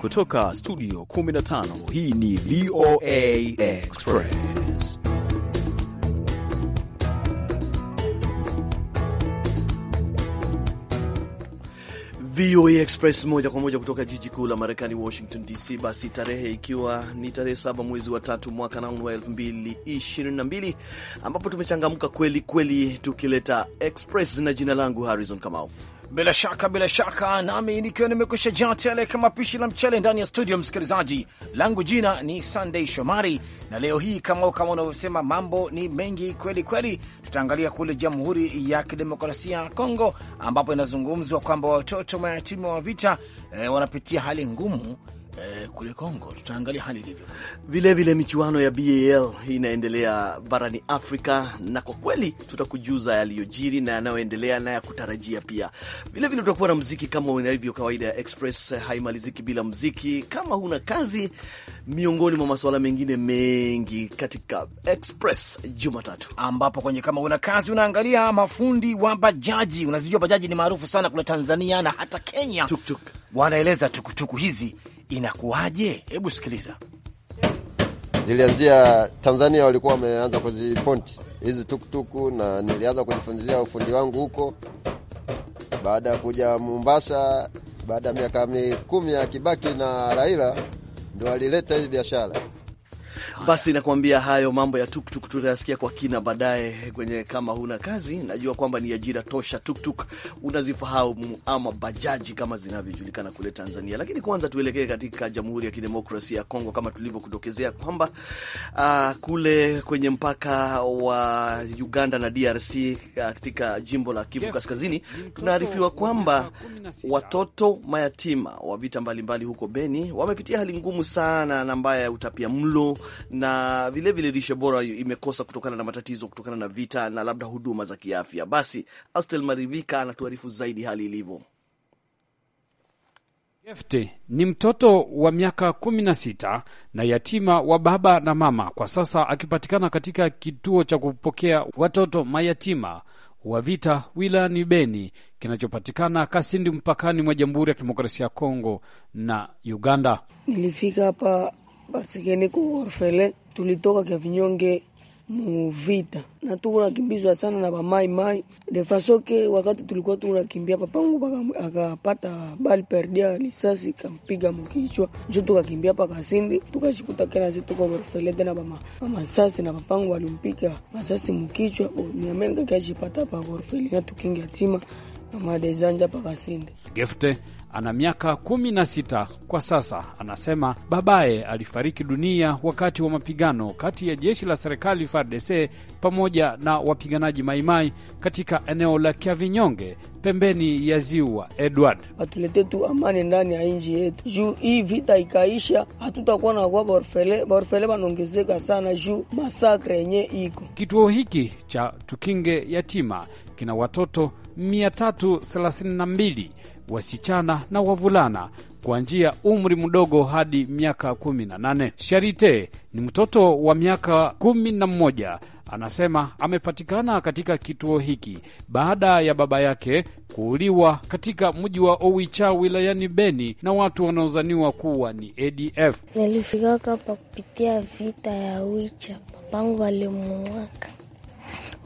Kutoka studio 15 hii ni VOA Express. VOA Express moja kwa moja kutoka jiji kuu la Marekani, Washington DC. Basi tarehe ikiwa ni tarehe saba mwezi wa tatu mwaka naunu wa 222 ambapo tumechangamka kweli kweli, tukileta Express na jina langu Harrison Kamau. Bila shaka bila shaka, nami nikiwa nimekusha jaa tele kama pishi la mchele ndani ya studio. Msikilizaji langu jina ni Sunday Shomari, na leo hii kama kama unavyosema, mambo ni mengi kweli kweli. Tutaangalia kule Jamhuri ya Kidemokrasia ya Kongo ambapo inazungumzwa kwamba watoto mayatima wa vita e, wanapitia hali ngumu eh, kule Kongo. Tutaangalia hali ilivyo vilevile. Michuano ya BAL inaendelea barani Afrika, na kwa kweli tutakujuza yaliyojiri na yanayoendelea na ya kutarajia pia. Vilevile tutakuwa na mziki kama inavyo kawaida ya Express, haimaliziki bila mziki. Kama huna kazi, miongoni mwa masuala mengine mengi katika Express Jumatatu, ambapo kwenye kama huna kazi unaangalia mafundi wa bajaji. Unazijua bajaji ni maarufu sana kule Tanzania na hata Kenya, tuk tuk. Wanaeleza tukutuku hizi inakuwaje? Hebu sikiliza. zilianzia Tanzania, walikuwa wameanza kuziponti hizi tukutuku, na nilianza kujifunzia ufundi wangu huko. Baada ya kuja Mombasa, baada ya miaka mikumi ya Kibaki na Raila, ndo alileta hii biashara basi nakuambia hayo mambo ya tuktuk tutayasikia kwa kina baadaye kwenye kama huna kazi. Najua kwamba ni ajira tosha tuktuk unazifahamu, ama bajaji kama zinavyojulikana kule Tanzania. Lakini kwanza tuelekee katika Jamhuri ya Kidemokrasia ya Kongo, kama tulivyokutokezea kwamba uh, kule kwenye mpaka wa Uganda na DRC katika jimbo la Kivu Kaskazini, tunaarifiwa kwamba watoto mayatima wa vita mbalimbali mbali huko Beni wamepitia hali ngumu sana na mbaya ya utapia mlo na vilevile lishe bora imekosa kutokana na matatizo kutokana na vita na labda huduma za kiafya. Basi Astel Marivika anatuarifu zaidi hali ilivyo. Jefte ni mtoto wa miaka kumi na sita na yatima wa baba na mama, kwa sasa akipatikana katika kituo cha kupokea watoto mayatima wa vita wilayani Beni kinachopatikana Kasindi mpakani mwa Jamhuri ya Kidemokrasia ya Kongo na Uganda. Nilifika hapa basike niko orfele, tulitoka kia vinyonge muvita na tuko nakimbizwa sana na bamaimai de fasoke. Wakati tulikuwa tu tunakimbia, papangu akapata bali perdia lisasi kampiga mkichwa, njo tukakimbia sindi tukashikuta kena kenasi tuko orfele tena bamasasi na papangu walimpiga masasi mukichwa mkichwa, oh, miamenikakashipata pa orfele na tukingi atima paka sindi gifte ana miaka kumi na sita kwa sasa. Anasema babaye alifariki dunia wakati wa mapigano kati ya jeshi la serikali FARDC pamoja na wapiganaji Maimai katika eneo la kiavinyonge pembeni ya ziwa Edward. Atulete tu amani ndani ya nji yetu, juu hii vita ikaisha, hatutakuwa na kwa baorfele baorfele wanaongezeka sana juu masakre yenye iko. Kituo hiki cha Tukinge Yatima kina watoto 332 wasichana na wavulana kuanzia umri mdogo hadi miaka 18. Sharite ni mtoto wa miaka 11 anasema amepatikana katika kituo hiki baada ya baba yake kuuliwa katika mji wa Owicha wilayani Beni na watu wanaozaniwa kuwa ni ADF. Nilifika hapa kupitia vita ya Owicha, papangu walimuwaka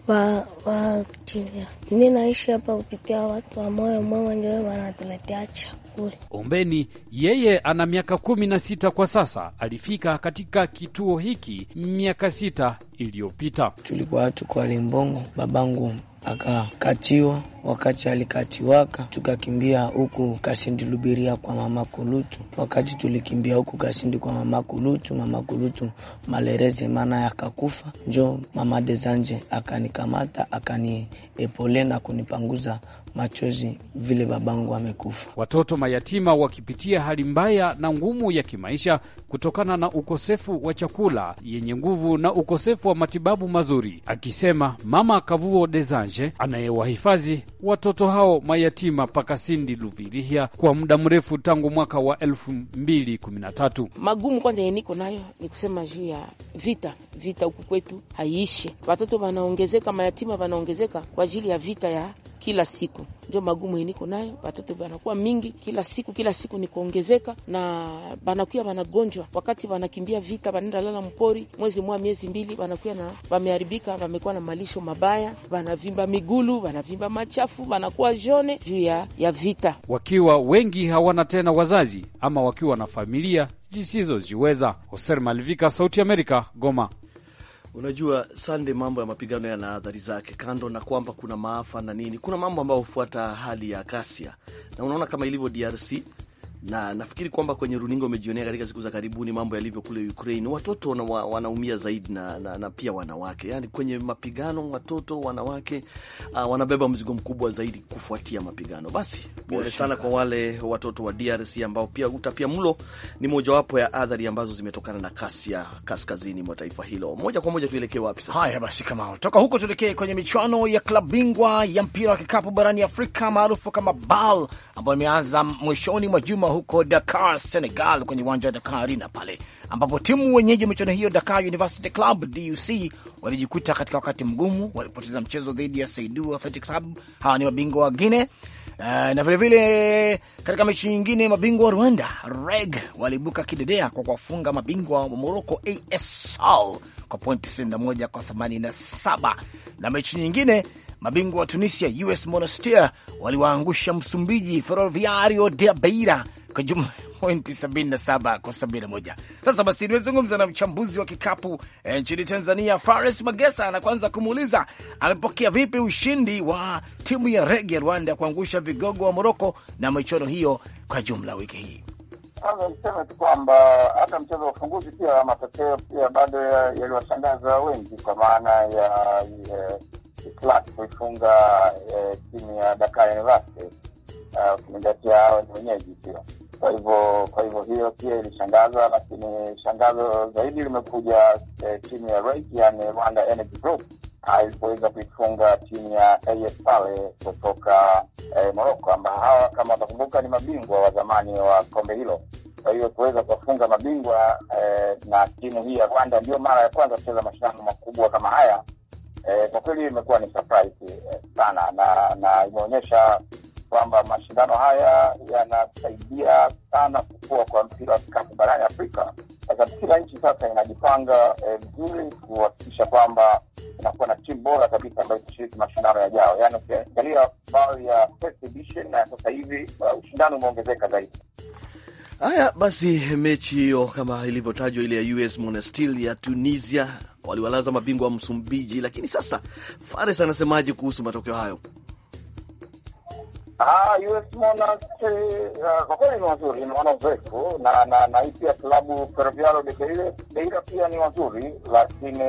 wa wa Nigeria. Mimi naishi hapa kupitia watu wa moyo mwema, ndio wanatuletea chakula. Ombeni yeye ana miaka kumi na sita kwa sasa. Alifika katika kituo hiki miaka sita iliyopita. Tulikuwa tuko Limbongo, babangu akakatiwa. Wakati alikatiwaka, tukakimbia huku Kasindi Lubiria kwa mama Kulutu. Wakati tulikimbia huku Kasindi kwa mama Kulutu, mama Kulutu malereze maana yakakufa, njo mama Dezanje akanikamata akaniepole na kunipanguza machozi vile babangu amekufa. Watoto mayatima wakipitia hali mbaya na ngumu ya kimaisha kutokana na ukosefu wa chakula yenye nguvu na ukosefu wa matibabu mazuri, akisema Mama Kavuo desange anayewahifadhi watoto hao mayatima Pakasindi Luvirihia kwa muda mrefu tangu mwaka wa elfu mbili kumi na tatu. Magumu kwanza yeniko nayo ni kusema juu ya vita, vita huku kwetu haiishi, watoto wanaongezeka, mayatima wanaongezeka kwa ajili ya vita ya kila siku ndio magumu iniko nayo, watoto vanakuwa mingi kila siku kila siku ni kuongezeka, na vanakuya wanagonjwa wakati wanakimbia vita, wanaenda lala mpori mwezi mwa miezi mbili, wanakuya na wameharibika, wamekuwa na malisho mabaya, wanavimba migulu, wanavimba machafu, wanakuwa jone juu ya, ya vita, wakiwa wengi hawana tena wazazi ama wakiwa na familia zisizoziweza. Hoser Malivika, Sauti Amerika, Goma. Unajua Sande, mambo ya mapigano yana adhari zake, kando na kwamba kuna maafa na nini, kuna mambo ambayo hufuata hali ya ghasia, na unaona kama ilivyo DRC na nafikiri kwamba kwenye runinga umejionea katika siku za karibuni mambo yalivyo kule Ukraine, watoto na wa, wanaumia zaidi na, na, na pia wanawake. Yani kwenye mapigano watoto, wanawake uh, wanabeba mzigo mkubwa zaidi kufuatia mapigano. Basi pole sana kwa wale watoto wa DRC ambao pia utapia mlo ni mojawapo ya adhari ambazo zimetokana na kasi ya kaskazini mwa taifa hilo. Moja kwa moja tuelekee wapi sasa? Haya basi, kama toka huko tuelekee kwenye michuano ya klabu bingwa ya mpira wa kikapu barani Afrika maarufu kama BAL ambayo imeanza mwishoni mwa juma huko Dakar, Senegal, kwenye uwanja wa Dakar Arena pale ambapo timu wenyeji wa michuano hiyo Dakar University Club DUC walijikuta katika wakati mgumu, walipoteza mchezo dhidi ya Saidu Athletic Club. Hawa ni mabingwa Guine. Uh, eh, na vilevile vile, katika mechi nyingine mabingwa wa Rwanda REG waliibuka kidedea kwa kuwafunga mabingwa wa Morocco ASL kwa point 91 kwa 87, na mechi nyingine mabingwa wa Tunisia US Monastir waliwaangusha Msumbiji Ferroviario de Beira kwa jumla pointi 77 kwa 71. Sasa basi, nimezungumza na mchambuzi wa kikapu eh, nchini Tanzania Fares Magesa, na kwanza kumuuliza amepokea vipi ushindi wa timu ya Rege Rwanda ya kuangusha vigogo wa Moroko na michuano hiyo kwa jumla wiki hii. Kwanza niseme tu kwamba hata mchezo wa ufunguzi pia matokeo pia bado yaliwashangaza ya wengi, kwa maana ya Clark kuifunga e, timu ya Dakar University, e, ukizingatia hao ni wenyeji pia kwa hivyo kwa hivyo hiyo pia ilishangaza, lakini shangazo zaidi limekuja eh, timu ya REG yani Rwanda Energy Group ah, ilipoweza kuifunga timu ya AS pale kutoka eh, Moroko, ambao hawa kama watakumbuka ni mabingwa wa zamani wa kombe hilo. Kwa hiyo kuweza kuwafunga mabingwa eh, na timu hii ya Rwanda ndio mara ya kwanza kucheza mashindano makubwa kama haya. Eh, kwa kweli imekuwa ni surprise eh, sana na, na imeonyesha kwamba mashindano haya yanasaidia sana kukua kwa mpira wa vikapu barani Afrika. Sasa kila nchi sasa inajipanga eh, vizuri eh, kuhakikisha kwamba inakuwa na timu bora kabisa ambayo itashiriki mashindano yajao. Yaani ukiangalia bao ya na sasa hivi uh, ushindano umeongezeka zaidi. Haya basi, mechi hiyo kama ilivyotajwa ile ya US Monastir ya Tunisia waliwalaza mabingwa wa Msumbiji, lakini sasa Fares anasemaje kuhusu matokeo hayo? Ah, US Monarch eh, ah, kwa kweli ni wazuri, ni wanaozoefu na na na hii pia klabu Ferroviario de Beira pia ni wazuri, lakini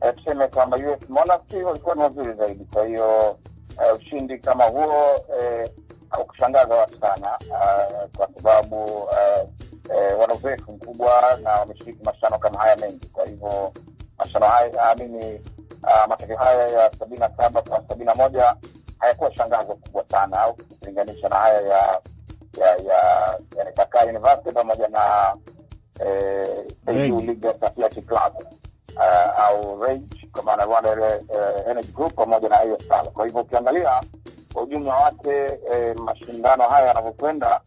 eh, tuseme kwamba US Monarch walikuwa ni wazuri zaidi. Kwa hiyo eh, ushindi kama huo haukushangaza watu sana, ah, kwa sababu wana uzoefu mkubwa na wameshiriki mashindano kama haya mengi. Kwa hivyo mashindano haya, mimi matokeo haya ya sabini na saba kwa sabini na moja hayakuwa shangazo kubwa sana, au ukilinganisha na haya ya ya ya ya University pamoja na eh, Club uh, au Rage kwa maana Rwanda eh, Energy Group pamoja na ASL. Kwa hivyo ukiangalia kwa ujumla wake eh, mashindano haya yanavyokwenda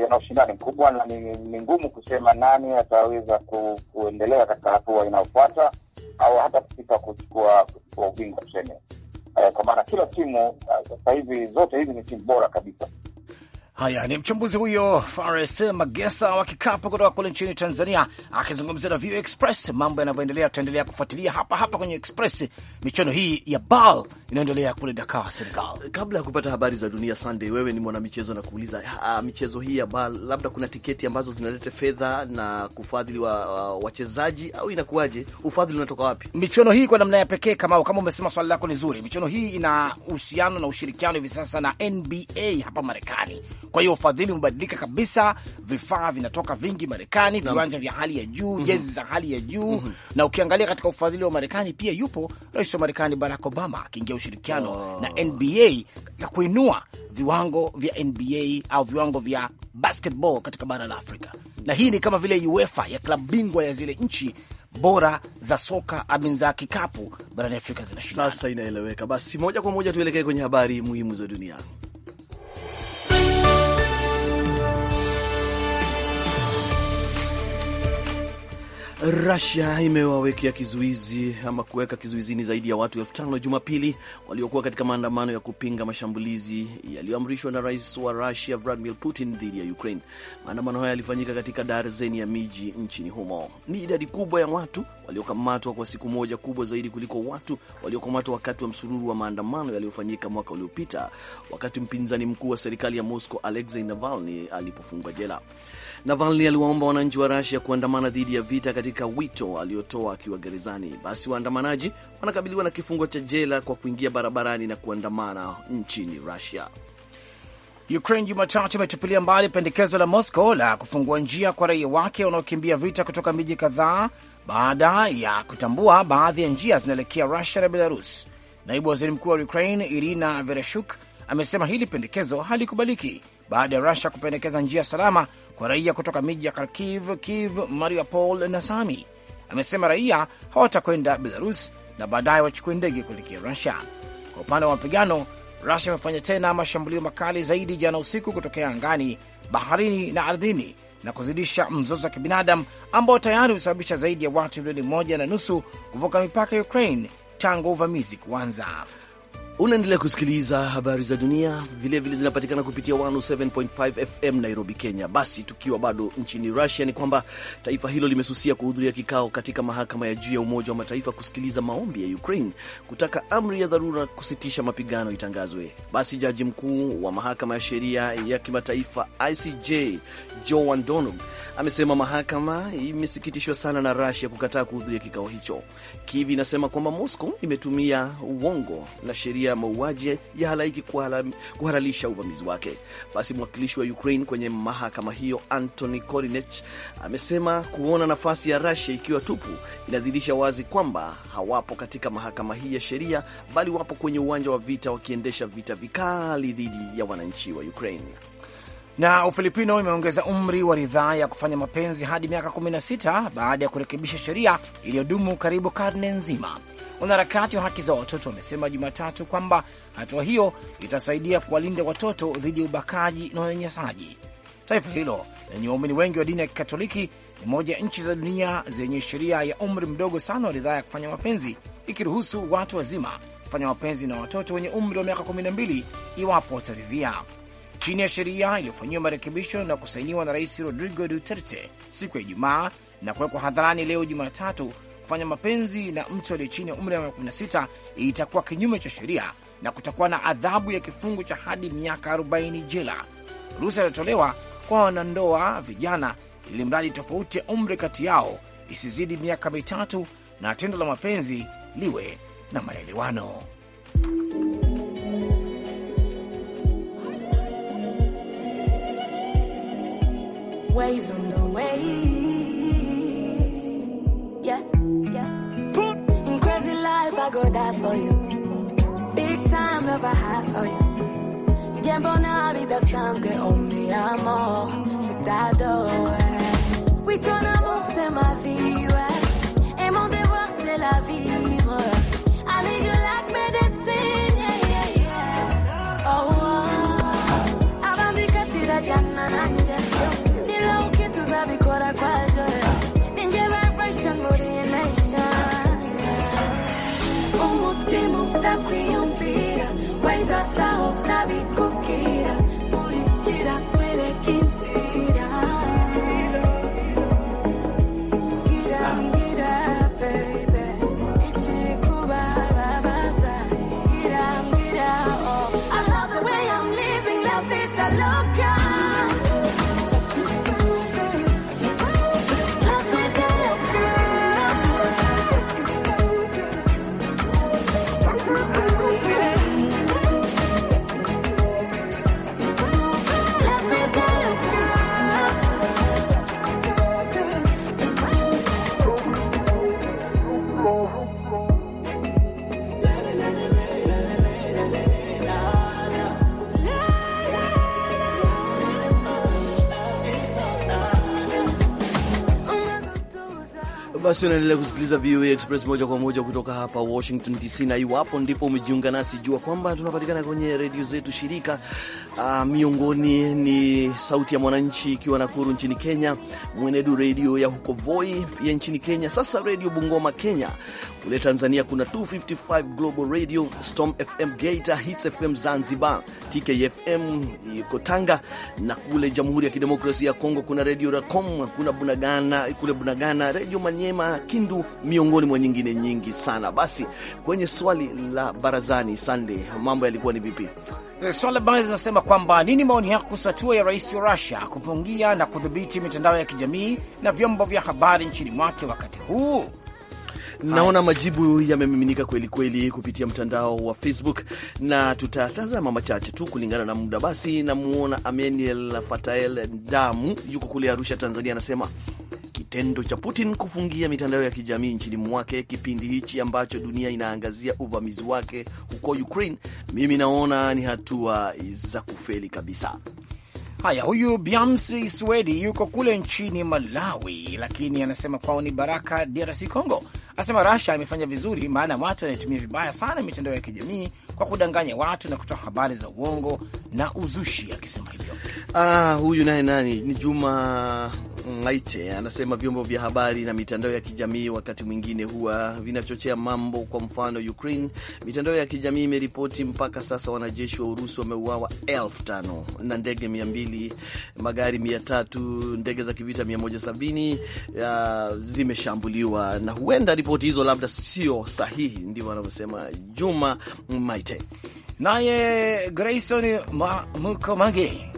yana ushindani mkubwa na ni ngumu kusema nani ataweza ku, kuendelea katika hatua inayofuata au hata kufika kuchukua ubingwa tuseme. Eh, kwa maana kila timu eh, sasa hivi zote hizi ni timu bora kabisa Haya ni mchambuzi huyo Fares Magesa wa kikapu kutoka kule nchini Tanzania akizungumzia na View Express mambo yanavyoendelea. Tutaendelea kufuatilia hapa hapa kwenye Express michuano hii ya BAL inaendelea kule Dakar, Senegal. Kabla ya kupata habari za dunia, Sunday, wewe ni mwanamichezo na kuuliza ah, michezo hii ya BAL labda kuna tiketi ambazo zinaleta fedha na kufadhili wa, wachezaji au inakuwaje? Ufadhili unatoka wapi michuano hii kwa namna ya pekee? Kama kama umesema, swali lako ni zuri. Michuano hii ina uhusiano na ushirikiano hivi sasa na NBA hapa Marekani kwa hiyo ufadhili umebadilika kabisa, vifaa vinatoka vingi Marekani, viwanja vya hali ya juu, mm -hmm. jezi za hali ya juu mm -hmm. na ukiangalia katika ufadhili wa Marekani pia yupo rais wa Marekani Barack Obama akiingia ushirikiano oh. na NBA ya kuinua viwango vya NBA au viwango vya basketball katika bara la Afrika, na hii ni kama vile UEFA ya klabu bingwa ya zile nchi bora za soka amin za kikapu barani Afrika zinashindana. Sasa inaeleweka. Basi moja kwa moja tuelekee kwenye habari muhimu za dunia. rasia imewawekea kizuizi ama kuweka kizuizini zaidi ya watu elfu tano Jumapili waliokuwa katika maandamano ya kupinga mashambulizi yaliyoamrishwa na rais wa rasia Vladimir Putin dhidi ya Ukraine. Maandamano haya yalifanyika katika darzeni ya miji nchini humo. Ni idadi kubwa ya watu waliokamatwa kwa siku moja, kubwa zaidi kuliko watu waliokamatwa wakati wa msururu wa maandamano yaliyofanyika mwaka uliopita, wakati mpinzani mkuu wa serikali ya Moscow Alexei Navalny alipofungwa jela. Navalny aliwaomba wananchi wa Russia kuandamana dhidi ya vita katika katika wito aliotoa akiwa gerezani. Basi waandamanaji wanakabiliwa na kifungo cha jela kwa kuingia barabarani na kuandamana nchini Rusia. Ukraine Jumatatu imetupilia mbali pendekezo la Moscow la kufungua njia kwa raia wake wanaokimbia vita kutoka miji kadhaa baada ya kutambua baadhi ya njia zinaelekea Rusia na Belarus. Naibu waziri mkuu wa Ukraine Irina Vereshuk amesema hili pendekezo halikubaliki baada ya Rusia kupendekeza njia salama kwa raia kutoka miji ya Kharkiv, Kiev, Mariupol na Sami. Amesema raia hawatakwenda Belarus na baadaye wachukue ndege kuelekea Rusia. Kwa upande wa mapigano, Rusia amefanya tena mashambulio makali zaidi jana usiku kutokea angani, baharini na ardhini na kuzidisha mzozo wa kibinadamu ambao tayari husababisha zaidi ya watu milioni moja na nusu kuvuka mipaka ya Ukraine tangu uvamizi kuanza. Unaendelea kusikiliza habari za dunia, vilevile zinapatikana kupitia 107.5 FM Nairobi, Kenya. Basi tukiwa bado nchini Russia, ni kwamba taifa hilo limesusia kuhudhuria kikao katika mahakama ya juu ya Umoja wa Mataifa kusikiliza maombi ya Ukraine kutaka amri ya dharura kusitisha mapigano itangazwe. Basi jaji mkuu wa mahakama ya sheria ya kimataifa ICJ Joan Donog amesema mahakama imesikitishwa sana na Russia kukataa kuhudhuria kikao hicho. kivi inasema kwamba Moscow imetumia uongo na sheria ya mauaji ya halaiki kuhalalisha uvamizi wake. Basi mwakilishi wa Ukraine kwenye mahakama hiyo Antony Korinech amesema kuona nafasi ya rasia ikiwa tupu inadhihirisha wazi kwamba hawapo katika mahakama hii ya sheria, bali wapo kwenye uwanja wa vita wakiendesha vita vikali dhidi ya wananchi wa Ukraine. Na Ufilipino imeongeza umri wa ridhaa ya kufanya mapenzi hadi miaka 16 baada ya kurekebisha sheria iliyodumu karibu karne nzima. Wanaharakati wa haki za watoto wamesema Jumatatu kwamba hatua hiyo itasaidia kuwalinda watoto dhidi ya ubakaji na unyanyasaji. Taifa hilo lenye waumini wengi wa dini ya Kikatoliki ni moja ya nchi za dunia zenye sheria ya umri mdogo sana wa ridhaa ya kufanya mapenzi, ikiruhusu watu wazima kufanya mapenzi na watoto wenye umri wa miaka 12 iwapo wataridhia chini ya sheria iliyofanyiwa marekebisho na kusainiwa na Rais Rodrigo Duterte siku ya Ijumaa na kuwekwa hadharani leo Jumatatu. Kufanya mapenzi na mtu aliye chini ya umri wa 16 itakuwa kinyume cha sheria na kutakuwa na adhabu ya kifungo cha hadi miaka 40 jela. Ruhusa itatolewa kwa wanandoa vijana, ili mradi tofauti ya umri kati yao isizidi miaka mitatu na tendo la mapenzi liwe na maelewano. ways on the way. Yeah, yeah. In crazy life, I go die for you. Big time love I have for you. Tiempo na habitación que un día amor se tardó. Eh. Oui, ton amour, c'est ma vie, ouais. Et mon devoir, c'est la vie. basi unaendelea kusikiliza VOA Express moja kwa moja kutoka hapa Washington DC, na iwapo ndipo umejiunga nasi, jua kwamba tunapatikana kwenye redio zetu shirika. Uh, miongoni ni Sauti ya Mwananchi ikiwa Nakuru nchini Kenya, Mwenedu redio ya huko Voi ya nchini Kenya, sasa redio Bungoma Kenya. Kule Tanzania kuna 255 Global Radio, Storm FM Geita, Hits FM Zanzibar, TKFM iko Tanga, na kule Jamhuri ya Kidemokrasia ya Kongo kuna redio Racom, kuna Bunagana kule Bunagana, redio Manyema na Kindu, miongoni mwa nyingine nyingi sana. Basi kwenye swali la barazani, sande mambo yalikuwa ni vipi? Eh, Swala baadhi zinasema kwamba nini maoni yako kuhusu hatua ya rais wa Rusia kufungia na kudhibiti mitandao ya kijamii na vyombo vya habari nchini mwake wakati huu? Naona majibu yamemiminika kweli kweli kupitia mtandao wa Facebook, na tutatazama machache tu kulingana na muda. Basi namuona Ameniel Fatael Damu, yuko kule Arusha, Tanzania, anasema kitendo cha Putin kufungia mitandao ya kijamii nchini mwake kipindi hichi ambacho dunia inaangazia uvamizi wake huko Ukraine, mimi naona ni hatua za kufeli kabisa. Haya, huyu Biamsi Swedi yuko kule nchini Malawi, lakini anasema kwao ni baraka DRC Congo. Anasema Rasha amefanya vizuri, maana watu wanayetumia vibaya sana mitandao ya kijamii kwa kudanganya watu na kutoa habari za uongo na uzushi, akisema hivyo. Ah, huyu naye nani ni Juma Maite anasema vyombo vya habari na mitandao ya kijamii wakati mwingine huwa vinachochea mambo. Kwa mfano, Ukraine, mitandao ya kijamii imeripoti mpaka sasa wanajeshi wa Urusi wameuawa elfu tano na ndege mia mbili, magari mia tatu, ndege za kivita mia moja sabini zimeshambuliwa, na huenda ripoti hizo labda sio sahihi, ndivyo anavyosema Juma Maite. Naye Grayson Mkomage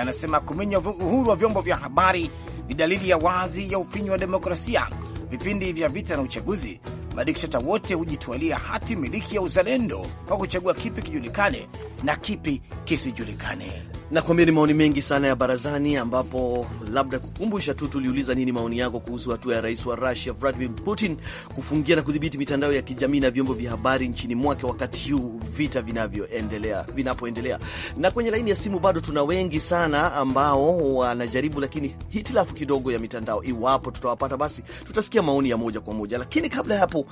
anasema kuminya uhuru wa vyombo vya habari ni dalili ya wazi ya ufinyu wa demokrasia. Vipindi vya vita na uchaguzi, madikteta wote hujitwalia hati miliki ya uzalendo kwa kuchagua kipi kijulikane na kipi kisijulikane. Nakwambia ni maoni mengi sana ya barazani, ambapo labda kukumbusha tu, tuliuliza nini maoni yako kuhusu hatua ya rais wa Russia Vladimir Putin kufungia na kudhibiti mitandao ya kijamii na vyombo vya habari nchini mwake wakati huu vita vinavyoendelea vinapoendelea. Na kwenye laini ya simu bado tuna wengi sana ambao wanajaribu, lakini hitilafu kidogo ya mitandao. Iwapo tutawapata, basi tutasikia maoni ya moja kwa moja, lakini kabla ya hapo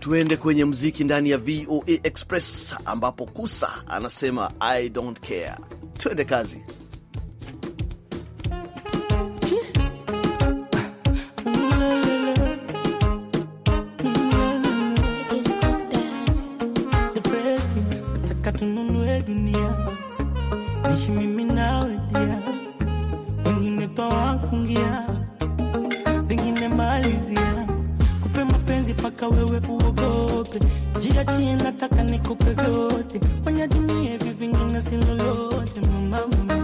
Tuende kwenye mziki ndani ya VOA Express ambapo Kusa anasema I don't care. Tuende kazi. nataka wewe uogope, jiachie, nataka nikupe vyote, kwenye dunia hivi vingine si lolote mama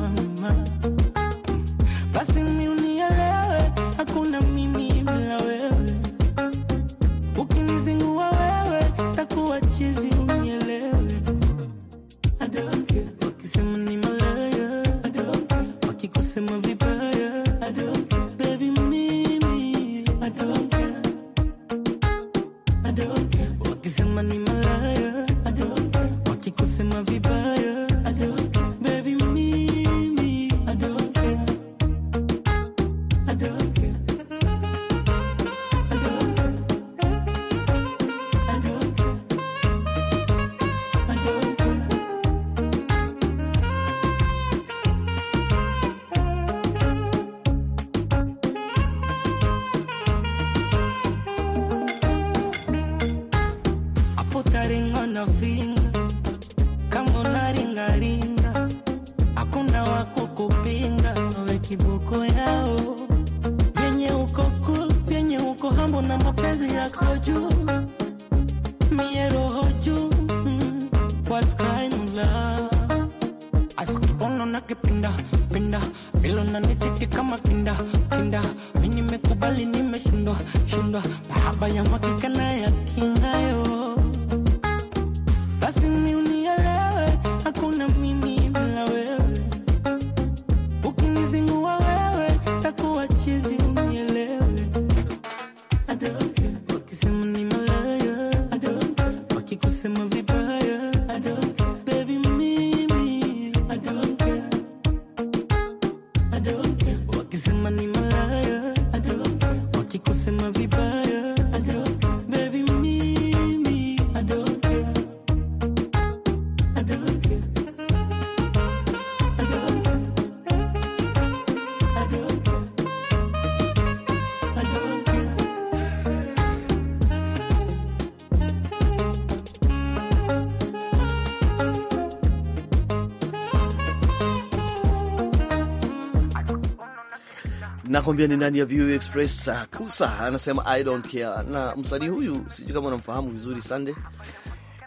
nakwambia ni nani ya View Express. Kusa anasema I don't care, na msanii huyu sijui kama unamfahamu vizuri Sande.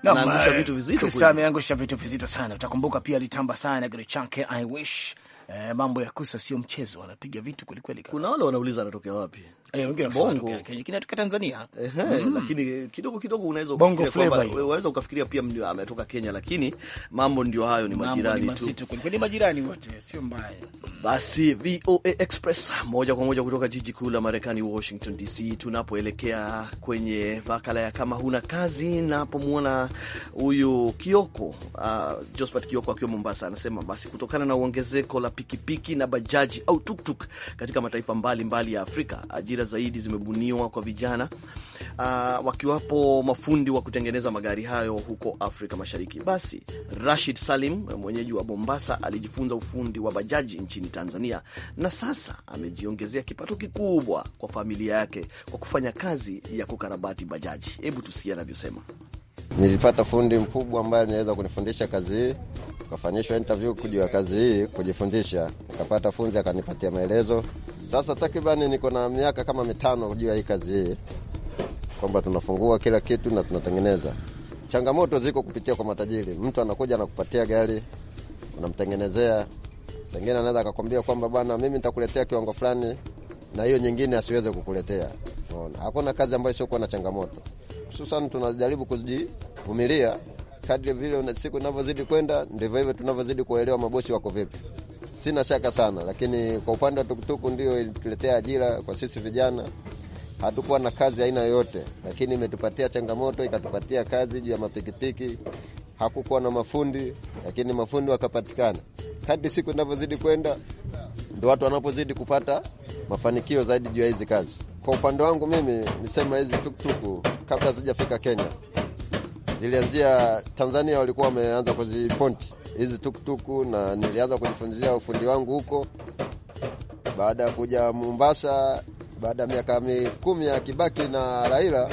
naangusha eh, vitu vizito, ameangusha vitu vizito sana. Utakumbuka pia alitamba sana na kitu chake I wish eh, mambo ya kusa sio mchezo, wanapiga vitu kwelikweli. Kuna wale wanauliza anatokea wapi, kinatoka eh, Tanzania mm Lakini kidogo kidogo unaweza unaweza ukafikiria pia ametoka Kenya, lakini mambo ndio hayo, ni majirani tu, ni majirani wote, sio mbaya. Basi VOA Express moja kwa moja kutoka jiji kuu la Marekani, Washington DC, tunapoelekea kwenye makala ya kama huna kazi, napomwona huyu Kioko uh, Kioko akiwa Mombasa, anasema basi kutokana na la pikipiki na bajaji au tuktuk katika mataifa mbalimbali mbali ya Afrika. Ajira zaidi zimebuniwa kwa vijana uh, wakiwapo mafundi wa kutengeneza magari hayo huko Afrika Mashariki. Basi Rashid Salim mwenyeji wa Mombasa alijifunza ufundi wa bajaji nchini Tanzania na sasa amejiongezea kipato kikubwa kwa familia yake kwa kufanya kazi ya kukarabati bajaji. Hebu tusikie anavyosema. Nilipata fundi mkubwa ambaye niweza kunifundisha kazi hii tukafanyishwa interview kujua kazi hii, kujifundisha. Nikapata funzi, akanipatia maelezo. Sasa takribani niko na miaka kama mitano kujua hii kazi hii, kwamba tunafungua kila kitu na tunatengeneza. Changamoto ziko kupitia kwa matajiri, mtu anakuja anakupatia gari, unamtengenezea sengine, anaweza akakwambia kwamba bwana, mimi nitakuletea kiwango fulani, na hiyo nyingine asiweze kukuletea. Hakuna kazi ambayo isiokuwa na changamoto, hususan tunajaribu kujivumilia kadri vile siku inavyozidi kwenda, ndivyo hivyo tunavyozidi kuelewa mabosi wako vipi. Sina shaka sana, lakini kwa upande wa tukutuku ndio ilituletea ajira kwa sisi vijana. Hatukuwa na kazi aina yoyote, lakini imetupatia changamoto, ikatupatia kazi juu ya mapikipiki. Hakukuwa na mafundi, lakini mafundi wakapatikana. Kadri siku inavyozidi kwenda, ndo watu wanapozidi kupata mafanikio zaidi juu ya hizi kazi. Kwa upande wangu mimi nisema hizi tukutuku kabla zijafika Kenya ilianzia Tanzania, walikuwa wameanza kuziponti hizi tukutuku, na nilianza kujifunzia ufundi wangu huko. Baada ya kuja Mombasa, baada ya miaka mikumi ya Kibaki na Raila,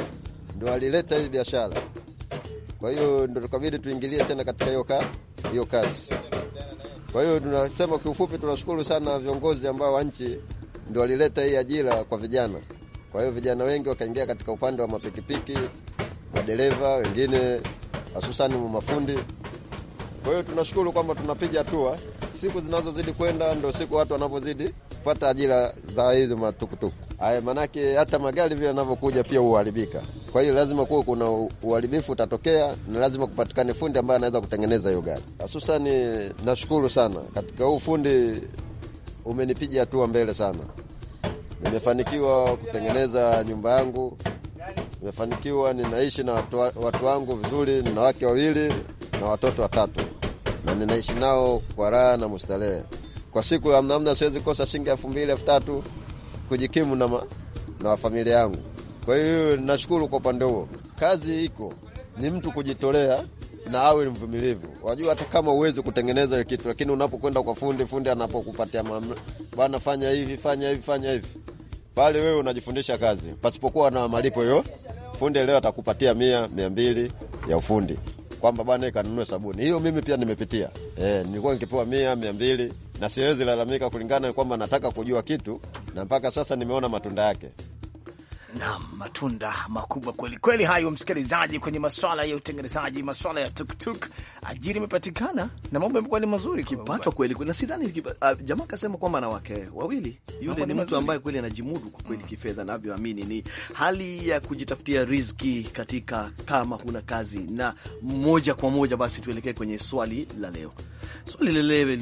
ndo alileta hii biashara. Kwa hiyo ndo tukabidi tuingilie tena katika hiyo kazi. Kwa hiyo tunasema kiufupi, tunashukuru sana viongozi ambao wa nchi ndo walileta hii ajira kwa vijana. Kwa hiyo vijana wengi wakaingia katika upande wa mapikipiki madereva wengine, hususani mafundi. Kwa hiyo tunashukuru kwamba tunapiga hatua, siku zinazozidi kwenda ndo siku watu wanavyozidi kupata ajira za hizo matukutuku haya, maanake hata magari vile yanavyokuja pia huharibika. Kwa hiyo lazima kuwe kuna uharibifu utatokea, na lazima kupatikane fundi ambaye anaweza kutengeneza hiyo gari. Hususani nashukuru sana katika huu fundi, umenipiga hatua mbele sana, nimefanikiwa kutengeneza nyumba yangu Nimefanikiwa, ninaishi na watu, watu wangu vizuri. Nina wake wawili na watoto watatu, na ninaishi nao kwa raha na mustarehe. Kwa siku ya namna siwezi kosa shilingi elfu mbili elfu tatu kujikimu na, ma, na familia yangu. Kwa hiyo nashukuru kwa upande huo. Kazi iko ni mtu kujitolea na awe mvumilivu. Wajua, hata kama uwezi kutengeneza kitu, lakini unapokwenda kwa fundi, fundi anapokupatia bwana, fanya hivi fanya hivi fanya hivi pale wewe unajifundisha kazi pasipokuwa na malipo. Hiyo fundi leo atakupatia mia mia mbili ya ufundi kwamba bwana kanunue sabuni. Hiyo mimi pia nimepitia e, nilikuwa nikipewa mia mia mbili na siwezi lalamika, kulingana kwamba nataka kujua kitu na mpaka sasa nimeona matunda yake na matunda makubwa kweli kweli hayo, msikilizaji, kwenye maswala ya utengenezaji, maswala ya tuktuk, ajira imepatikana na mambo yamekuwa ni mazuri, kipato kweli kweli. Na sidhani uh, jamaa akasema kwamba na wake wawili, yule ni mtu ambaye kweli anajimudu kwa kweli mm. kifedha, navyoamini ni hali ya kujitafutia riziki katika kama huna kazi. Na moja kwa moja basi tuelekee kwenye swali la leo. Swali la leo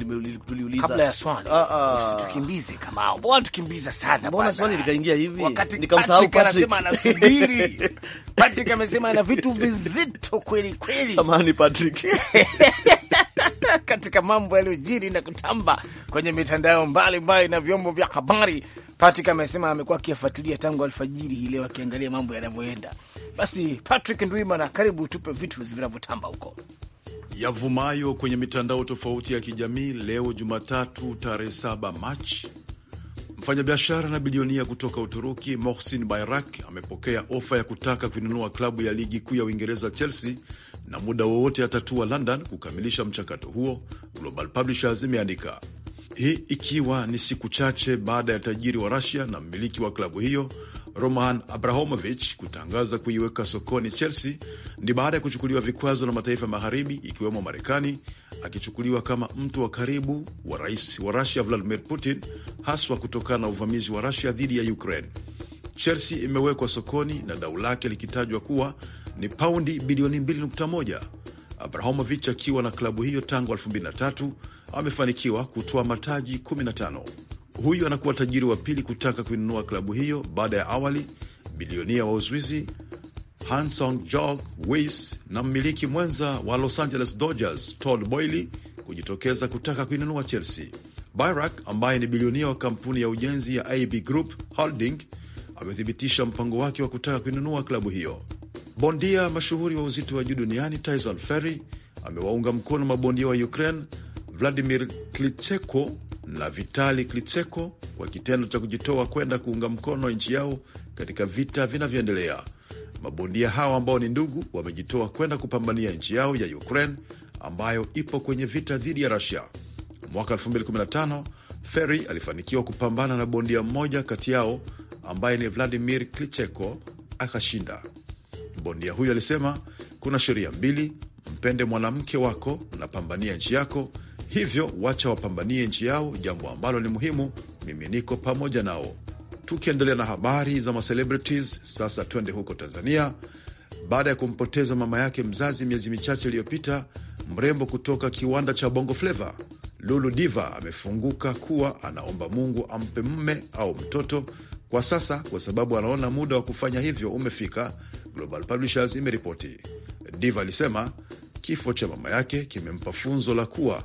tuliuliza kabla ya swali, ah, ah. usitukimbize kama bwana, tukimbiza sana bwana, swali likaingia hivi nikamsahau anasema anasubiri. Patrick amesema ana vitu vizito kweli kweli. Samahani Patrick. Katika mambo yaliyojiri na kutamba kwenye mitandao mbalimbali na vyombo vya habari, Patrick amesema amekuwa akiyafuatilia tangu alfajiri hii leo, akiangalia mambo yanavyoenda. Basi Patrick Ndwimana, karibu tupe vitu vinavyotamba huko yavumayo kwenye mitandao tofauti ya kijamii leo Jumatatu tarehe 7 Machi Mfanyabiashara na bilionia kutoka Uturuki Mohsin Bayrak amepokea ofa ya kutaka kuinunua klabu ya ligi kuu ya Uingereza Chelsea na muda wowote atatua London kukamilisha mchakato huo, Global Publishers imeandika hii ikiwa ni siku chache baada ya tajiri wa Rusia na mmiliki wa klabu hiyo Roman Abramovich kutangaza kuiweka sokoni Chelsea. Ni baada ya kuchukuliwa vikwazo na mataifa magharibi ikiwemo Marekani, akichukuliwa kama mtu wa karibu wa rais wa Rusia Vladimir Putin, haswa kutokana na uvamizi wa Rusia dhidi ya Ukraine. Chelsea imewekwa sokoni na dau lake likitajwa kuwa ni paundi bilioni 2.1, Abrahamovich akiwa na klabu hiyo tangu 2003 amefanikiwa kutoa mataji 15. Huyu anakuwa tajiri wa pili kutaka kuinunua klabu hiyo baada ya awali bilionia wa Uswizi Hanson jog Wis na mmiliki mwenza wa Los Angeles Dodgers Todd Boehly kujitokeza kutaka kuinunua Chelsea. Byrak ambaye ni bilionia wa kampuni ya ujenzi ya AB Group Holding amethibitisha mpango wake wa kutaka kuinunua klabu hiyo. Bondia mashuhuri wa uzito wa juu duniani Tyson Fury amewaunga mkono mabondia wa Ukraine Vladimir Klitschko na Vitali Klitschko kwa kitendo cha kujitoa kwenda kuunga mkono nchi yao katika vita vinavyoendelea. Mabondia hao ambao ni ndugu wamejitoa kwenda kupambania nchi yao ya Ukraine ambayo ipo kwenye vita dhidi ya Russia. Mwaka 2015 Ferry alifanikiwa kupambana na bondia mmoja kati yao ambaye ni Vladimir Klitschko akashinda. Bondia huyo alisema kuna sheria mbili usimpende mwanamke wako, unapambania nchi yako, hivyo wacha wapambanie nchi yao, jambo ambalo ni muhimu. Mimi niko pamoja nao. Tukiendelea na habari za macelebrities, sasa twende huko Tanzania. Baada ya kumpoteza mama yake mzazi miezi michache iliyopita, mrembo kutoka kiwanda cha Bongo Fleva Lulu Diva amefunguka kuwa anaomba Mungu ampe mme au mtoto kwa sasa, kwa sababu anaona muda wa kufanya hivyo umefika. Global Publishers imeripoti. Diva alisema Kifo cha mama yake kimempa funzo la kuwa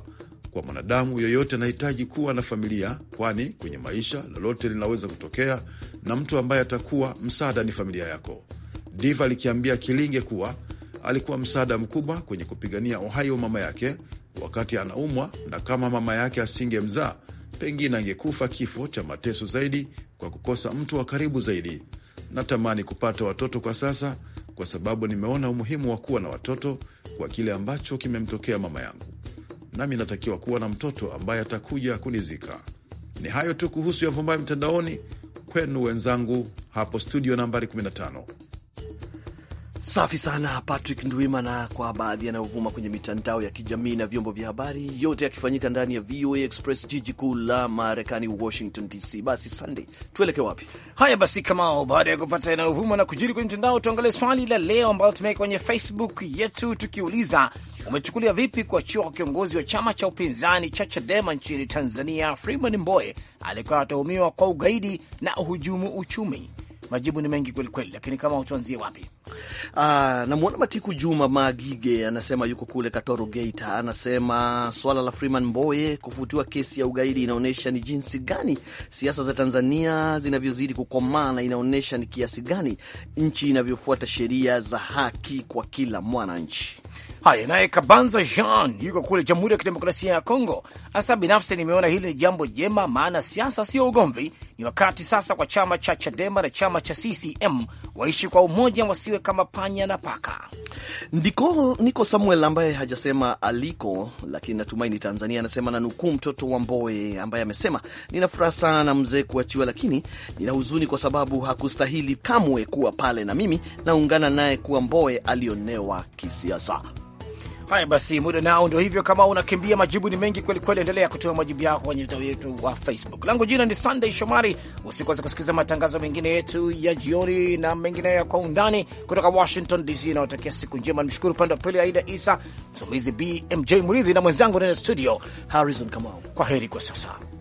kwa mwanadamu yoyote anahitaji kuwa na familia, kwani kwenye maisha lolote linaweza kutokea, na mtu ambaye atakuwa msaada ni familia yako. Diva alikiambia Kilinge kuwa alikuwa msaada mkubwa kwenye kupigania uhai wa mama yake wakati anaumwa, na kama mama yake asingemzaa pengine angekufa kifo cha mateso zaidi kwa kukosa mtu wa karibu zaidi. Natamani kupata watoto kwa sasa, kwa sababu nimeona umuhimu wa kuwa na watoto kwa kile ambacho kimemtokea mama yangu, nami natakiwa kuwa na mtoto ambaye atakuja kunizika. Ni hayo tu kuhusu yavumbayo mtandaoni. Kwenu wenzangu hapo studio nambari 15. Safi sana Patrick Ndwimana kwa baadhi yanayovuma kwenye mitandao ya kijamii na vyombo vya habari, yote yakifanyika ndani ya VOA Express, jiji kuu la Marekani, Washington DC. Basi Sunday, tueleke wapi? Haya basi, Kamao, baada ya kupata yanayovuma na kujiri kwenye mitandao, tuangalie swali la leo ambalo tumeweka kwenye Facebook yetu tukiuliza, umechukulia vipi kuachiwa kwa kiongozi wa chama cha upinzani cha Chadema nchini Tanzania, Freeman Mbowe alikuwa anatuhumiwa kwa ugaidi na uhujumu uchumi? Majibu ni mengi kwelikweli, lakini kama utuanzie wapi? Ah, namwona Matiku Juma Magige anasema yuko kule Katoro, Geita. Anasema swala la Freeman Mboye kufutiwa kesi ya ugaidi inaonyesha ni jinsi gani siasa za Tanzania zinavyozidi kukomaa na inaonyesha ni kiasi gani nchi inavyofuata sheria za haki kwa kila mwananchi. Haya, naye Kabanza Jean yuko kule Jamhuri ya Kidemokrasia ya Kongo. Hasa binafsi nimeona hili ni jambo jema, maana siasa sio ugomvi ni wakati sasa kwa chama cha Chadema na chama cha CCM waishi kwa umoja, wasiwe kama panya na paka. Ndiko niko Samuel ambaye hajasema aliko, lakini natumaini Tanzania, anasema na nukuu, mtoto wa mboe ambaye amesema, nina furaha sana mzee kuachiwa, lakini nina huzuni kwa sababu hakustahili kamwe kuwa pale, na mimi naungana naye kuwa mboe alionewa kisiasa. Haya basi, muda nao ndio hivyo, kama unakimbia. Majibu ni mengi kweli kweli, endelea kutoa majibu yako kwenye mtandao wetu wa Facebook. Langu jina ni Sunday Shomari. Usikose kusikiliza matangazo mengine yetu ya jioni na mengineyo ya kwa undani kutoka Washington DC. Nawatakia siku njema, nimshukuru pande wa pili Aida Isa, msimamizi BMJ mridhi na mwenzangu ndani ya studio Harrison Kamau. Kwa heri kwa sasa.